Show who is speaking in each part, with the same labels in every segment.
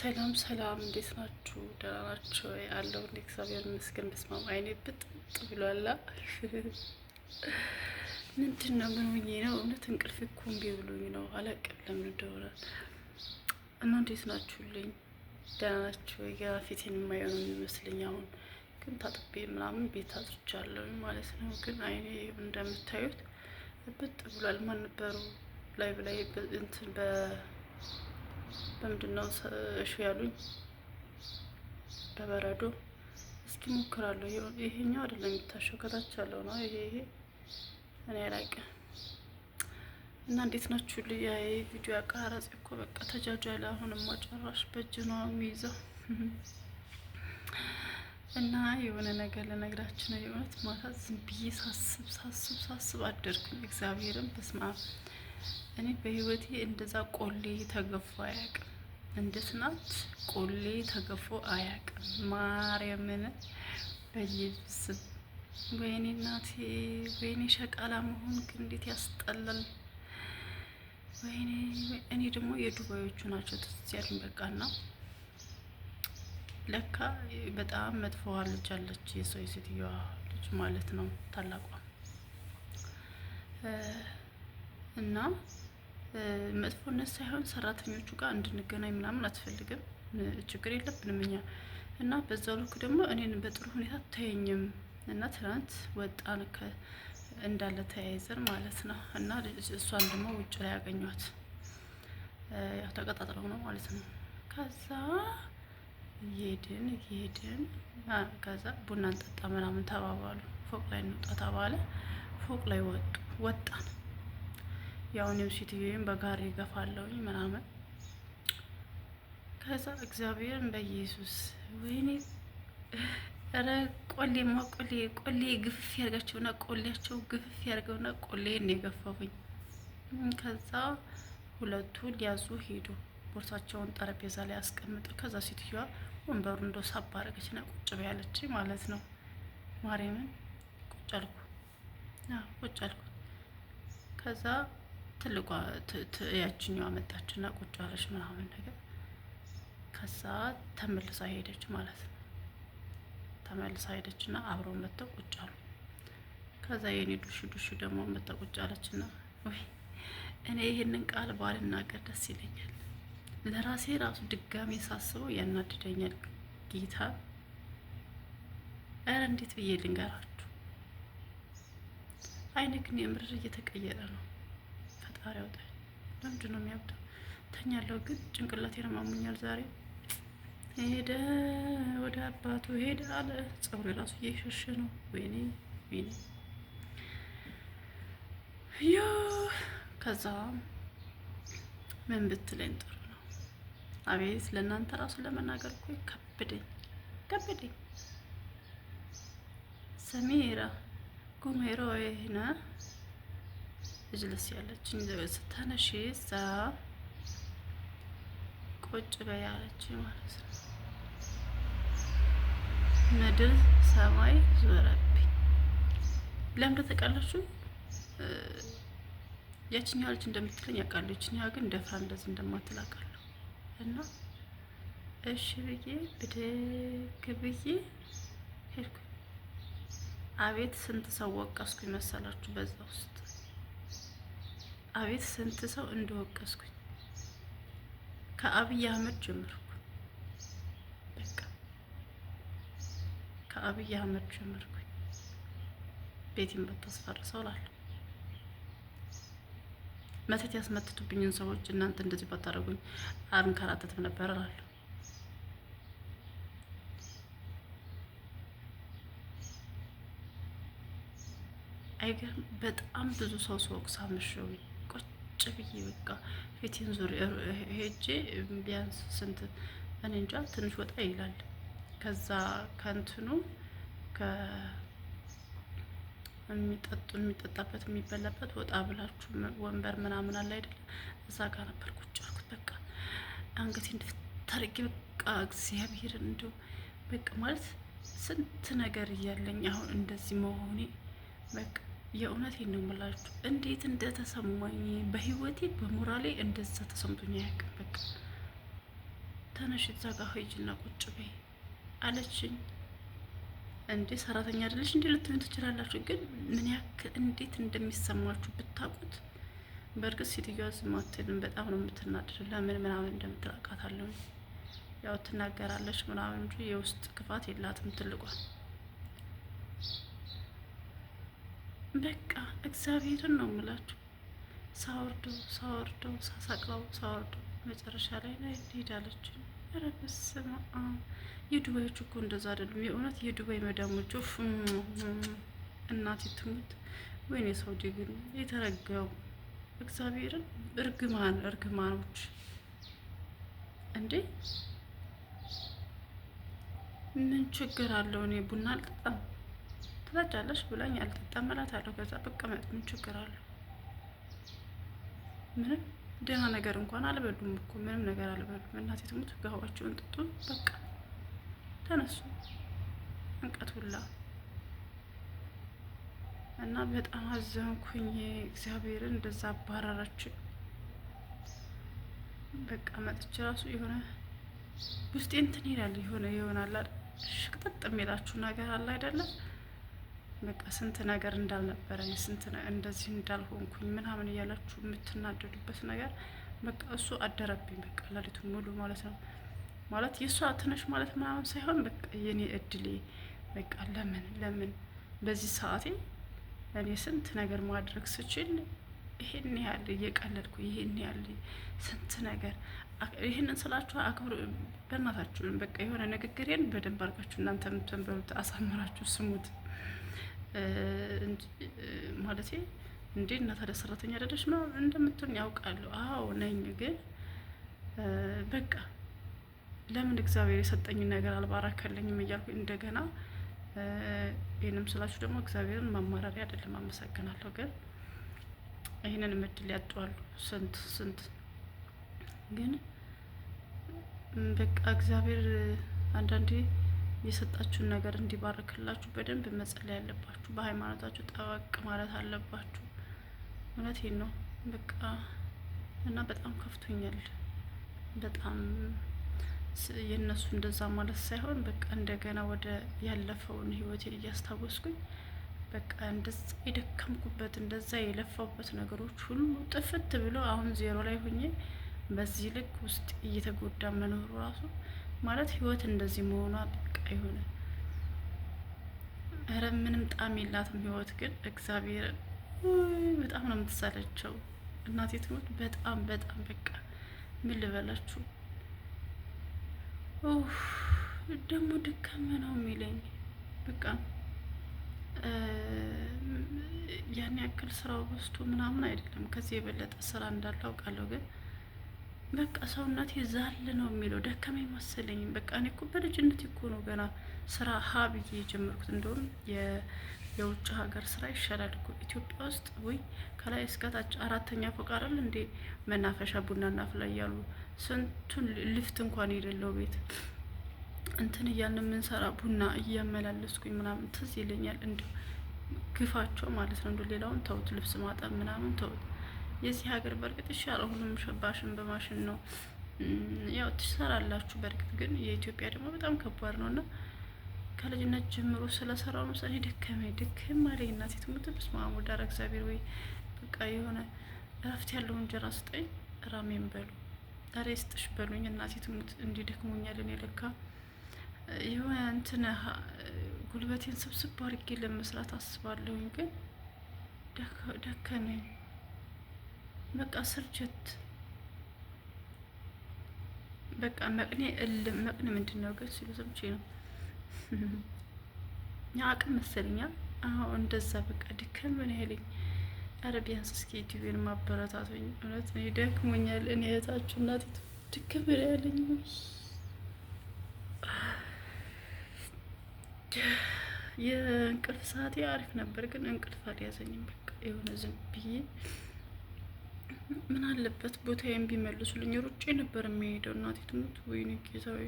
Speaker 1: ሰላም ሰላም፣ እንዴት ናችሁ? ደህና ናችሁ? አለው እንደ እግዚአብሔር ይመስገን። በስመ አብ አይኔ ብጥጥ ብሏላ። ምንድን ነው ምን ሆኜ ነው? እውነት እንቅልፍ እኮ እምቢ ብሎኝ ነው። አላቅም ለምን እንደሆነ እና እንዴት ናችሁልኝ? ደህና ናችሁ? ያ ፊቴን የማየው ነው የሚመስለኝ። አሁን ግን ታጥቤ ምናምን ቤት አጥቻለሁ ማለት ነው። ግን አይኔ እንደምታዩት ብጥ ብሏል። ማን ነበሩ ላይ በላይ እንትን በ በምንድን ነው እሹ ያሉኝ? በበረዶ እስኪ ሞክራለሁ። ይሄኛው አይደለም የሚታሸው ከታች ያለው ነው። ይሄ ይሄ እኔ አላውቅም። እና እንዴት ናችሁ? ልያ ቪዲዮ አቀራረጽ እኮ በቃ ተጃጃለ። አሁንማ ጨራሽ በእጅ ነው የሚይዘው። እና የሆነ ነገር ልነግራችሁ ነው። የእውነት ማታ ዝም ብዬ ሳስብ ሳስብ ሳስብ አደርኩኝ። እግዚአብሔርም በስመ አብ እኔ በህይወቴ እንደዛ ቆሌ ተገፎ አያውቅም። እንደ ቆሌ ተገፎ አያውቅም። ማርያምን በየብስ ወይኔ እናቴ ወይኔ ሸቃላ መሆን እንዴት ያስጠላል። ወይኔ እኔ ደግሞ የዱባዮቹ ናቸው ትዝ ያለኝ በቃ ለካ በጣም መጥፎ ልጅ አለች። የሰው የሴትዮዋ ልጅ ማለት ነው ታላቋ እና መጥፎነት ሳይሆን ሰራተኞቹ ጋር እንድንገናኝ ምናምን አትፈልግም። ችግር የለብንም እኛ እና በዛው ልክ ደግሞ እኔን በጥሩ ሁኔታ ተየኝም እና ትናንት ወጣን እንዳለ ተያይዘን ማለት ነው። እና እሷን ደግሞ ውጭ ላይ ያገኟት ያው ተቀጣጥረው ነው ማለት ነው። ከዛ እየሄድን እየሄድን ከዛ ቡና እንጠጣ ምናምን ተባባሉ። ፎቅ ላይ እንውጣ ተባለ። ፎቅ ላይ ወጡ፣ ወጣን ያው እኔም ሴትዮዬም በጋሪ ይገፋለሁኝ ምናምን ከዛ እግዚአብሔርን በኢየሱስ ወይኔ ረ ቆሌ ማ ቆሌ ቆሌ ግፍፍ ያርጋቸውና ቆሌያቸው ግፍፍ ያርገውና ቆሌን የገፋሁኝ። ከዛ ሁለቱ ሊያዙ ሄዱ። ቦርሳቸውን ጠረጴዛ ላይ አስቀምጡ። ከዛ ሴትዮዋ ወንበሩ እንደ ሳብ አረገች አረገችና ቁጭ በያለች ማለት ነው። ማርያምን ቁጭ አልኩ ቁጭ አልኩ። ከዛ ትልቋ ያችኛዋ መጣችና ቁጭ አለች ምናምን ነገር። ከዛ ተመልሳ ሄደች ማለት ነው። ተመልሳ ሄደችና አብሮ መጥተው ቁጭ አሉ። ከዛ የኔ ዱሽ ዱሽ ደግሞ መጣ ቁጭ አለችና ወይ እኔ ይህንን ቃል ባልናገር ደስ ይለኛል። ለራሴ ራሱ ድጋሜ ሳስበው ያናድደኛል። ጌታ እረ እንዴት ብዬ ልንገራችሁ? አይነ ግን የምር እየተቀየረ ነው ፈጣሪ አውጣኝ። ለምንድን ነው የሚያብጠው? ተኛለሁ ግን ጭንቅላቴን አሞኛል ዛሬ። ሄደ ወደ አባቱ ሄደ አለ። ጸጉሬ ራሱ እየሸሸ ነው። ወይኔ ወይኔ። ዮ ከዛ ምን ብትለኝ ጥሩ ነው? አቤት ለእናንተ ራሱ ለመናገር እኮ ከበደኝ ከበደኝ። ሰሜራ ጉሜሮ? ነህ እጅልስ ያለችኝ ስተነሽ ዛ ቁጭ በያለችኝ ማለት ነው። ምድር ሰማይ ዞረብኝ። ለምን ተቃላችሁ? ያችኛ ልጅ እንደምትለኝ አውቃለሁ። ይችኛ ግን ደፍራ እንደዚህ እንደማትል አውቃለሁ። እና እሺ ብዬ ብድግ ብዬ ሄድኩ። አቤት ስንት ሰው ወቀስኩ ይመሰላችሁ በዛ ውስጥ አቤት ስንት ሰው እንደወቀስኩኝ ከአብይ አህመድ ጀምርኩ በቃ ከአብይ አህመድ ጀመርኩኝ። ቤቴን ባታስፈርሰው እላለሁ። መተት ያስመትቱብኝን ሰዎች እናንተ እንደዚህ ባታደርጉኝ አንከራተትም ነበር እላለሁ። አይገርም! በጣም ብዙ ሰው ሰው ወቅሳ ቁጭ ብዬ በቃ ፊቴን ዙር ሄጄ ቢያንስ ስንት እኔ እንጃ ትንሽ ወጣ ይላል። ከዛ ከንትኑ የሚጠጣበት የሚበላበት ወጣ ብላችሁ ወንበር ምናምን አለ አይደለ? እዛ ጋር ነበር ቁጭ አልኩት። በቃ አንገቴ እንድፍት በቃ እግዚአብሔርን እንዲ በቃ ማለት ስንት ነገር እያለኝ አሁን እንደዚህ መሆኔ በቃ የእውነት ነው የምላችሁ እንዴት እንደተሰማኝ በህይወቴ በሞራሌ እንደዛ ተሰምቶኝ አያውቅም። በቃ ተነሽ እዛ ጋ ሂጂና ቁጭ በይ አለችኝ። እንዴ ሰራተኛ አይደለሽ እንዴ ልትሆኑ ትችላላችሁ፣ ግን ምን ያክል እንዴት እንደሚሰማችሁ ብታውቁት። በእርግጥ ሴትዮዋ ዝም አትልም፣ በጣም ነው የምትናደደው። ለምን ምናምን እንደምትላቃታለሁ ያው ትናገራለች ምናምን እንጂ የውስጥ ክፋት የላትም ትልቋል በቃ እግዚአብሔርን ነው የምላችሁ። ሳወርደው ሳወርደው ሳሳቅለው ሳወርደው መጨረሻ ላይ ላይ ሄዳለች። ኧረ በስመ አብ የዱባዮቹ እኮ እንደዛ አይደሉም። የእውነት የዱባይ ፍ እናት ትሙት፣ ወይኔ ሳውዲ ግን የተረገቡ እግዚአብሔርን እርግማን እርግማኖች እንዴ ምን ችግር አለው? እኔ ቡና አልጠጣም። ትጠጫለሽ ብላኝ አልጠጣም እላታለሁ። ከዛ በቃ ምን ችግር አለ? ምንም ደህና ነገር እንኳን አልበሉም እኮ ምንም ነገር አልበሉም። እናቴ ትሙት ጋዋቸውን ጥጡ በቃ ተነሱ እንቀት ሁላ እና በጣም አዘንኩኝ። እግዚአብሔርን እንደዛ አባረረችኝ። በቃ መጥቼ ራሱ የሆነ ውስጤ እንትን ይላል የሆነ ይሆናል ሽቅጥጥ የሚላችሁ ነገር አለ አይደለም በቃ ስንት ነገር እንዳልነበረኝ ስንት እንደዚህ እንዳልሆንኩኝ ምናምን እያላችሁ የምትናደዱበት ነገር በቃ እሱ አደረብኝ። በቃ ሌሊቱን ሙሉ ማለት ነው ማለት የእሷ ትንሽ ማለት ምናምን ሳይሆን በቃ የኔ እድሌ በቃ ለምን ለምን በዚህ ሰዓቴ እኔ ስንት ነገር ማድረግ ስችል ይሄን ያህል እየቀለልኩ ይሄን ያህል ስንት ነገር ይህንን ስላችሁ አክብሩ። በእናታችሁ በቃ የሆነ ንግግሬን በደንብ አድርጋችሁ እናንተ የምትንበሉት አሳምራችሁ ስሙት። ማለቴ እንዴ እና ታዲያ ሰራተኛ አይደለሽ ነው እንደምትሆን ያውቃሉ አዎ ነኝ፣ ግን በቃ ለምን እግዚአብሔር የሰጠኝ ነገር አልባረከልኝም እያልኩኝ እንደገና ይህንም ስላችሁ ደግሞ እግዚአብሔርን ማማራሪያ አይደለም፣ አመሰግናለሁ። ግን ይህንን ምድል ያጧሉ ስንት ስንት ግን በቃ እግዚአብሔር አንዳንዴ የሰጣችሁን ነገር እንዲባርክላችሁ በደንብ መጸለይ ያለባችሁ፣ በሃይማኖታችሁ ጠበቅ ማለት አለባችሁ። እውነቴን ነው በቃ እና በጣም ከፍቶኛል። በጣም የእነሱ እንደዛ ማለት ሳይሆን በቃ እንደገና ወደ ያለፈውን ህይወቴን እያስታወስኩኝ በቃ እንደዛ የደከምኩበት እንደዛ የለፋውበት ነገሮች ሁሉ ጥፍት ብሎ አሁን ዜሮ ላይ ሆኜ በዚህ ልክ ውስጥ እየተጎዳ መኖሩ ራሱ ማለት ህይወት እንደዚህ መሆኗ በቃ የሆነ ኧረ ምንም ጣዕም የላትም ህይወት ግን እግዚአብሔር በጣም ነው የምትሰለቸው። እናቴ ትሞት በጣም በጣም በቃ ምን ልበላችሁ ደግሞ ድከመ ነው የሚለኝ በቃ ያን ያክል ስራው በዝቶ ምናምን አይደለም። ከዚህ የበለጠ ስራ እንዳለ አውቃለሁ ግን በቃ ሰውነት ይዛል ነው የሚለው ደከመ ይመስለኝ። በቃ እኔ እኮ በልጅነት እኮ ነው ገና ስራ ሀ ብዬ የጀመርኩት። እንደውም የውጭ ሀገር ስራ ይሻላል እኮ ኢትዮጵያ ውስጥ ወይ ከላይ እስከታች አራተኛ ፎቅ አይደል እንዴ መናፈሻ ቡና እናፍ ላይ ያሉ ስንቱን ልፍት እንኳን የሌለው ቤት እንትን እያልን የምንሰራ ቡና እያመላለስኩኝ ምናምን ትዝ ይለኛል። እንዲ ግፋቸው ማለት ነው። እንዲ ሌላውን ተውት፣ ልብስ ማጠብ ምናምን ተውት። የዚህ ሀገር በእርግጥ ይሻላል። ሁሉም ባሽን በማሽን ነው ያው ትሰራላችሁ። በእርግጥ ግን የኢትዮጵያ ደግሞ በጣም ከባድ ነው እና ከልጅነት ጀምሮ ስለሰራው ነው ሰኔ ደከመ ደከም አለኝ እና ሴት ምት ብስ ማሙዳር እግዚአብሔር ወይ በቃ የሆነ እረፍት ያለው እንጀራ ስጠኝ፣ ራሜን በሉ ዛሬ ስጥሽ በሉኝ እና ሴት ምት እንዲህ ደክሞኛል። እኔ ለካ የሆነ እንትን ጉልበቴን ስብስብ አድርጌ ለመስራት አስባለሁኝ፣ ግን ደከመኝ በቃ ስርጀት በቃ መቅኔ እል መቅኔ ምንድን ነው ግን ሲሉ ሰምቼ ነው አቅም መሰለኛል። አሁን እንደዛ በቃ ድከም ምን ያህልኝ ኧረ ቢያንስ እስኪ ዩቲዩብን ማበረታቶኝ እውነት እኔ ደክሞኛል። እኔ እህታችሁ እናት ድክም ምን ያህልኝ የእንቅልፍ ሰዓቴ አሪፍ ነበር፣ ግን እንቅልፍ አልያዘኝም። በቃ የሆነ ዝም ብዬ ምን አለበት ቦታዬን ቢመልሱልኝ ሩጬ ነበር የሚሄደው። እናቴ ትሙት ወይኔ ጌታዊ፣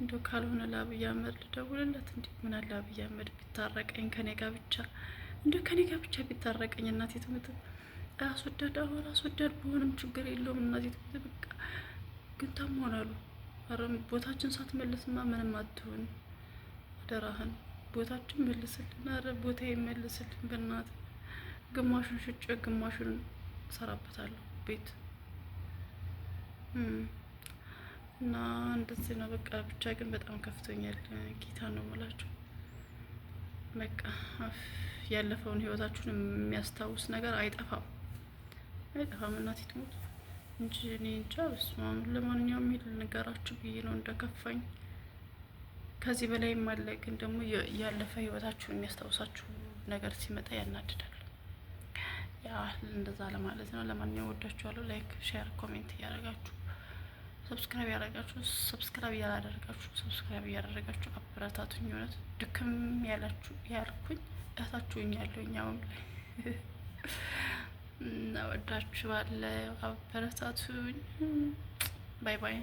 Speaker 1: እንደ ካልሆነ ለአብይ አህመድ ልደውልለት። እንዲ ምን አለ አብይ አህመድ ቢታረቀኝ ከኔ ጋር ብቻ እንደ ከኔ ጋር ብቻ ቢታረቀኝ። እናቴ ትሙት ራስ ወዳድ፣ አዎ ራስ ወዳድ በሆንም ችግር የለውም። እናቴ ትሙት በቃ ግን ታሟናሉ። አረም ቦታችን ሳትመልስማ ምንም አትሆን። አደራህን ቦታችን መልስልን። አረ ቦታ ይመልስልን በእናት ግማሹን ሽጬ ግማሹን እሰራበታለሁ ቤት እና እንደዚህ ነው በቃ። ብቻ ግን በጣም ከፍቶኛል። ጌታ ነው የምላችሁ። በቃ ያለፈውን ህይወታችሁን የሚያስታውስ ነገር አይጠፋም አይጠፋም። እናቴ ትሞት እንጂ እኔ እንጃ። በስመ አብ። ለማንኛውም ይሄ ልንገራችሁ ብዬ ነው እንደከፋኝ። ከዚህ በላይም አለ። ግን ደግሞ ያለፈ ህይወታችሁን የሚያስታውሳችሁ ነገር ሲመጣ ያናድዳል። ያ እንደዛ ለማለት ነው። ለማንኛውም ወዳችኋለሁ። ላይክ፣ ሼር፣ ኮሜንት እያደረጋችሁ ሰብስክራይብ ያደረጋችሁ ሰብስክራይብ ያላደረጋችሁ ሰብስክራይብ እያደረጋችሁ አበረታቱኝ። እውነት ድክም ያላችሁ ያልኩኝ እህታችሁኝ ያለሁኝ አሁን ላይ እና ወዳችኋለሁ። አበረታቱኝ። ባይ ባይ